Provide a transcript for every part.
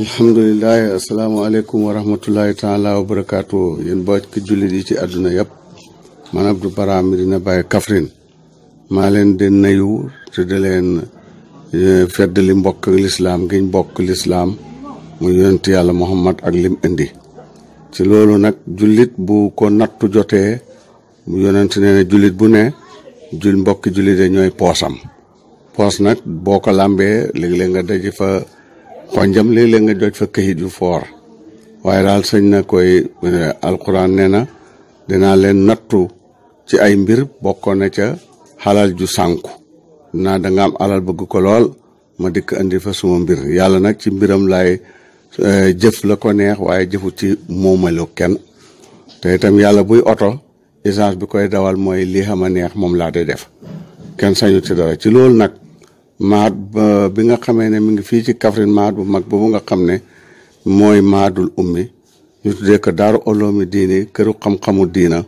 alhamdulilah asalaamaaleykum wa rahmatullahi taala wa barakaatu yéen bokk jullit yi ci àdduna yëpp man Abdou Bara Médina Baye Kaffrine maa leen di nuyu te di leen eh, feddali mbokk lislaam giñ bokk lislaam mu yonent yàlla Muhammad ak lim indi ci loolu nag jullit bu ko nattu jotee mu yonent nee jullit bu ne jul mbokki jullit de ñooy poosam poos nag boo ko làmbee léeg-léeg nga daje fa xonjam léeg leen nga joj fa këyit yu foor waaye daal sëñ na koy alxuraan nee na dinaa leen nattu ci ay mbir bokkoon na ca xalal ju sànku naa danga am alal bëgg ko lool ma dikk indi fa suma mbir yàlla nag ci mbiram laay e, jëf la ko neex waaye jëfu ci moomalu kenn te itam yàlla buy oto essence bi koy dawal mooy lii xam a neex moom laa de def kenn sañu ci dara ci loolu nag maat bi nga xamee ne mi ngi fii ci Kaffrine maat bu mag boobu nga xam ne mooy maadul ummi ñu tuddee ko daaru oloomi diini këru xam-xamu diina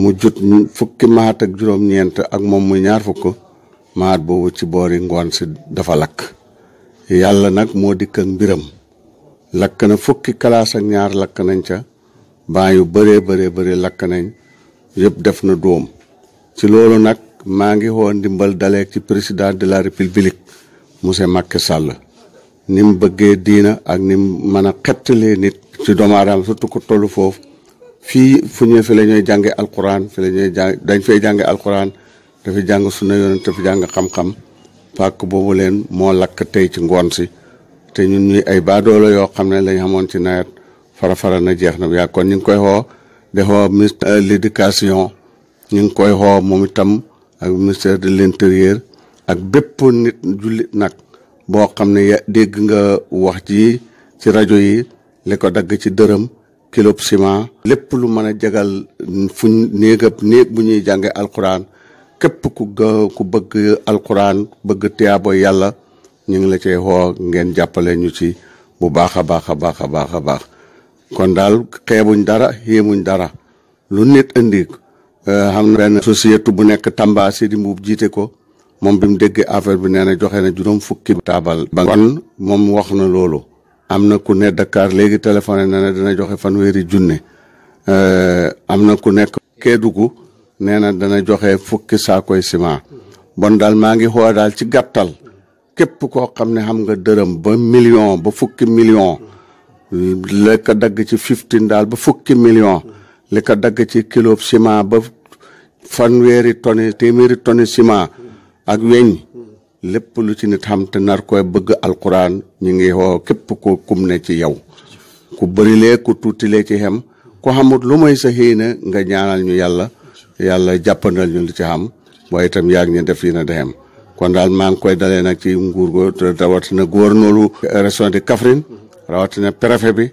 mu jut fukki maat ak juróom-ñeent ak moom muy ñaar fukk maat boobu ci boori ngoon si dafa lakk yàlla nag moo dikk ak mbiram lakk na fukki kalaas ak ñaar lakk nañ ca baa yu bëree bëree bëri lakk nañ yëpp def na dóom ci loolu nag maa ngi woon ndimbal daleek ci président de la république monsieur Macky Sall ni mu bëggee diina ak ni mu mën a xettalee nit ci doomu aadama surtout ko tollu foofu fii fu ñëwee fi la ñuy jànge alquran fi la ñuy jàng dañ fay jànge alquran dafa jàng sunna yonent dafa jàng xam-xam pàkk boobu leen moo lakk tey ci ngoon si te ñun ñuy ay baadoolo yoo xam ne lañ xamoon ci nawet fara-fara na jeex na yaa kon ñu ngi koy xoo de xoo ministre l'éducation ñu ngi koy xoo moom itam ak ministère de l'intérieur ak bépp nit jullit nag boo xam ne dégg nga wax ji ci rajo yi li ko dagg ci dërëm kilob ciment lépp lu mën a jagal fu néegab néeg bu ñuy jànge alxuraan képp ku ku bëgg alquran bëgg tiyaabo yàlla ñu ngi la cay xoo ngeen jàppale ñu ci bu baax a baax a baax a baax a baax kon daal xeebuñ dara yéemuñ dara lu nit indi xam eh, na benn société bu nekk Tamba Sidi Mbuub jiite ko moom bi mu déggee affaire bi nee na joxe na juróom fukki taabal ba kon moom wax na loolu am na ku ne Dakar léegi téléphoné nee na dana joxe fanweeri junne eh, am na ku nekk Kédougou nee na dana joxe fukki saakoy ciment bon daal maa ngi xoola daal ci gàttal képp koo xam ne xam nga dërëm ba million ba fukki million la dagg ci fifteen daal ba fukki million li ko dagg ci kilo ciment ba fanweeri tonne téeméeri tonne ciment ak weñ lépp lu ci nit xam te nar koy bëgg alquran ñu ngi woo képp ko kum ne ci yow ku bërilee ku tuutilee ci xem ku xamut lu may sa xiina nga ñaanal ñu yàlla yàlla jàppandal ñu li ci xam waaye itam yaa ngi ñu def yi na dexem kon daal maa ngi koy dalee nag ci nguur go rawatina gouverneur région de Kaffrine rawatina préfet bi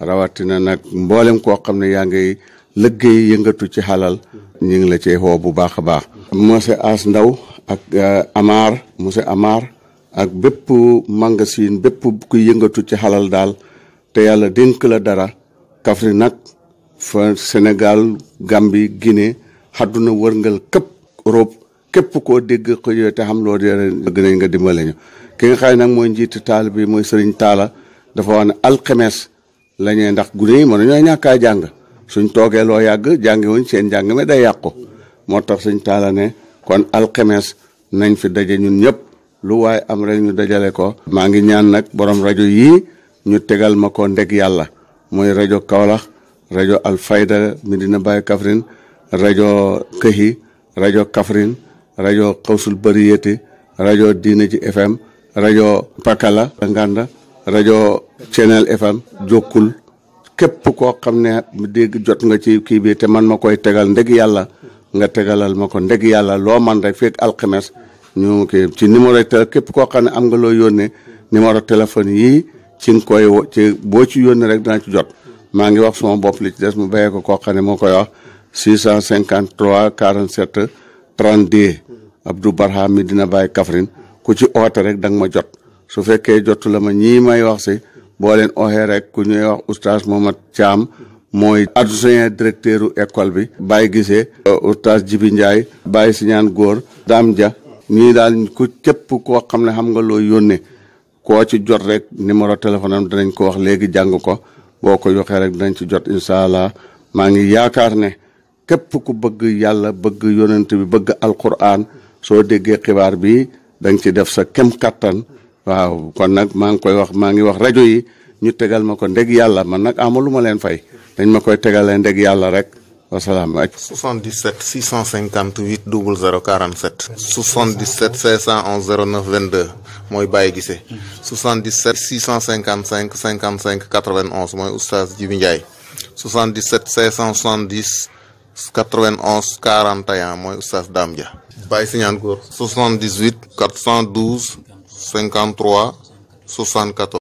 rawatina nag mboolem koo xam ne yaa ngi liggéey yëngatu ci xalal ñu ngi la cee xoo bu baax a baax monsieur As Ndaw ak euh, Amar monsieur Amar ak bépp magasin bépp ku yëngatu ci xalal daal te yàlla dénk la dara kafri nag fa Sénégal Gambie Guinée xadduna wërngal këpp Europe képp koo dégg ko te xam loo dee bëgg nañ nga dimbale ñu ki nga xam nag mooy njiitu taal bi mooy sëriñ taala dafa wax ne alxemes la ndax gune yi mënu ñoo ñàkkaa jàng suñ toogee loo yàgg jàngiwuñ seen jàng mi day yàqu moo tax suñ taalane kon alxemes nañ fi daje ñun ñëpp lu waay am rek ñu dajale ko. maa ngi ñaan nag borom rajo yii ñu tegal ma ko ndeg yàlla mooy rajo kawlax rajo Alfayda dina Baye kafrin rajo Këhi rajo Kaffrine rajo Xawsul Bariyati rajo Diine ji FM rajo Pakala Nganda rajo Channel FM Jokkul. képp koo xam ne dégg jot nga ci kii bi te man ma koy tegal ndeg yàlla nga tegalal ma ko ndeg yàlla loo man rek fekk alxemes ñu kii ci numéro téléphone képp koo xam ne am nga loo yónnee numéro téléphone yii ci nga koy ci boo ci yónnee rek dana ci jot maa ngi wax sama bopp li ci des mu bàyyee ko koo xam ne moo koy wax 653 47 32 Abdou Barham mi dina bàyyi Kaffrine ku ci oote rek da nga ma jot su fekkee jotu la ma ñii may wax si boo leen oxee rek ku ñuy wax oustaz Mohamed Thiam mooy adjoint directeur u école bi Baye Gisee oustaz Jibi Ndiaye Baye Siñaan Góor daam ja ñii daal ku képp koo xam ne xam nga loo yónnee koo ci jot rek numéro téléphone am danañ ko wax léegi jàng ko boo ko yoxee rek danañ ci jot incha allah maa ngi yaakaar ne képp ku bëgg yàlla bëgg yonent bi bëgg alquran soo déggee xibaar bi danga ci def sa kem kattan waaw kon nag maa ngi koy wax maa ngi wax rajo yi ñu tegal ma ko ndeg yàlla man nag amalu ma leen fay dañ ma koy tegalee ndeg yàlla rek wasalaam. 77 658 00 47. 77 511 09 22 mooy Baye Guissé. 77 655 55 91 mooy Oustaz Djibi Ndiaye. 77 570 91 41 mooy Oustaz Dame Dia. Baye Signane Gour. 78 412. 53 74